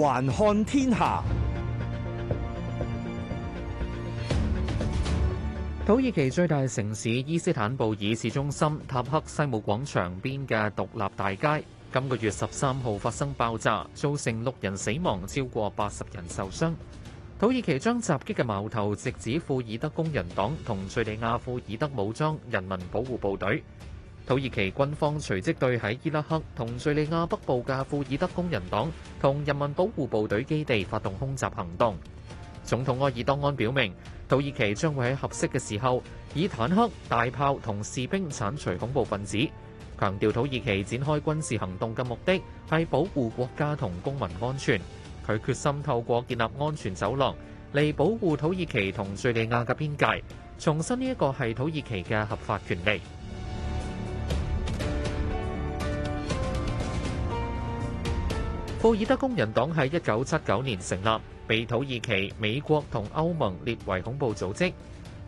環看天下，土耳其最大城市伊斯坦布爾市中心塔克西姆廣場邊嘅獨立大街，今個月十三號發生爆炸，造成六人死亡，超過八十人受傷。土耳其將襲擊嘅矛頭直指庫爾德工人黨同敘利亞庫爾德武裝人民保護部隊。土耳其軍方隨即對喺伊拉克同敘利亞北部嘅庫爾德工人黨同人民保護部隊基地發動空襲行動。總統埃爾多安表明，土耳其將會喺合適嘅時候以坦克、大炮同士兵鏟除恐怖分子，強調土耳其展開軍事行動嘅目的係保護國家同公民安全。佢決心透過建立安全走廊嚟保護土耳其同敘利亞嘅邊界，重申呢一個係土耳其嘅合法權利。庫爾德工人黨喺一九七九年成立，被土耳其、美國同歐盟列為恐怖組織。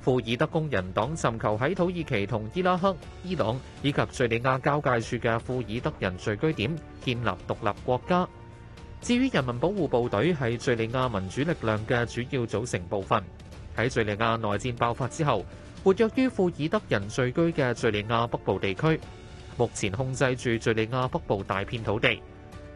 庫爾德工人黨尋求喺土耳其同伊拉克、伊朗以及敘利亞交界處嘅庫爾德人聚居點建立獨立國家。至於人民保護部隊係敘利亞民主力量嘅主要組成部分，喺敘利亞內戰爆發之後，活躍於庫爾德人聚居嘅敘利亞北部地區，目前控制住敘利亞北部大片土地。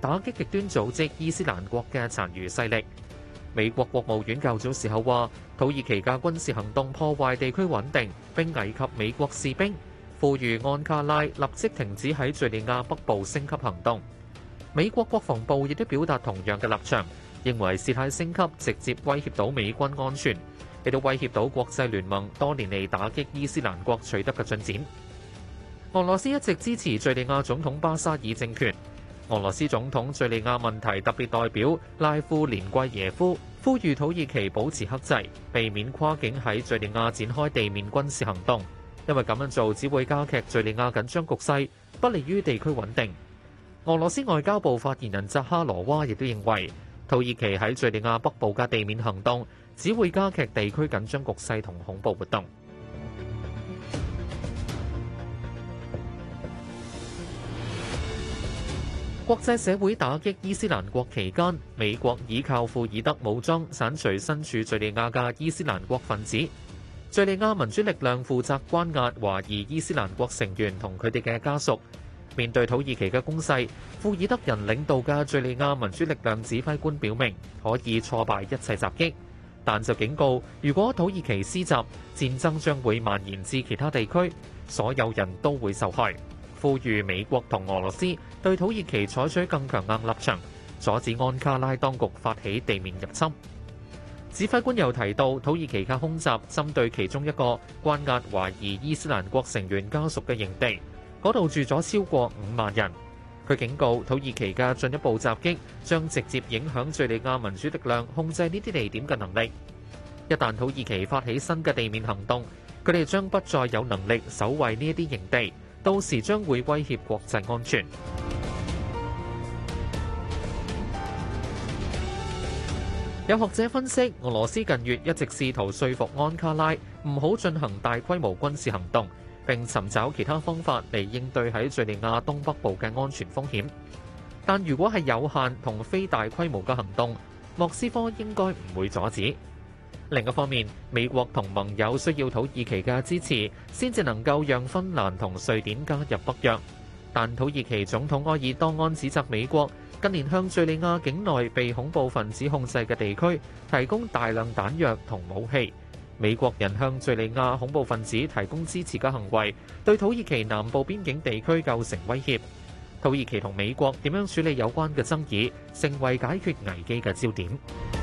打擊極端組織伊斯蘭國嘅殘餘勢力。美國國務院較早時候話，土耳其嘅軍事行動破壞地區穩定，並危及美國士兵。呼籲安卡拉立即停止喺敍利亞北部升級行動。美國國防部亦都表達同樣嘅立場，認為事態升級直接威脅到美軍安全，亦都威脅到國際聯盟多年嚟打擊伊斯蘭國取得嘅進展。俄羅斯一直支持敍利亞總統巴沙爾政權。俄羅斯總統叙利亞問題特別代表拉夫連季耶夫呼籲土耳其保持克制，避免跨境喺叙利亞展開地面軍事行動，因為咁樣做只會加劇叙利亞緊張局勢，不利於地區穩定。俄羅斯外交部發言人扎哈羅娃亦都認為，土耳其喺叙利亞北部嘅地面行動只會加劇地區緊張局勢同恐怖活動。國際社會打擊伊斯蘭國期間，美國依靠庫爾德武裝鏟除身處敘利亞嘅伊斯蘭國分子。敘利亞民主力量負責關押懷疑伊斯蘭國成員同佢哋嘅家屬。面對土耳其嘅攻勢，庫爾德人領導嘅敘利亞民主力量指揮官表明可以挫敗一切襲擊，但就警告，如果土耳其施襲，戰爭將會蔓延至其他地區，所有人都會受害。呼籲美國同俄羅斯對土耳其採取更強硬立場，阻止安卡拉當局發起地面入侵。指揮官又提到，土耳其嘅空襲針對其中一個關押懷疑伊斯蘭國成員家屬嘅營地，嗰度住咗超過五萬人。佢警告土耳其嘅進一步襲擊將直接影響敘利亞民主力量控制呢啲地點嘅能力。一旦土耳其發起新嘅地面行動，佢哋將不再有能力守衛呢一啲營地。到時將會威脅國際安全。有學者分析，俄羅斯近月一直試圖說服安卡拉唔好進行大規模軍事行動，並尋找其他方法嚟應對喺敍利亞東北部嘅安全風險。但如果係有限同非大規模嘅行動，莫斯科應該唔會阻止。另一方面，美國同盟友需要土耳其嘅支持，先至能夠讓芬蘭同瑞典加入北約。但土耳其總統埃爾多安指責美國近年向敘利亞境內被恐怖分子控制嘅地區提供大量彈藥同武器，美國人向敘利亞恐怖分子提供支持嘅行為，對土耳其南部邊境地區構成威脅。土耳其同美國點樣處理有關嘅爭議，成為解決危機嘅焦點。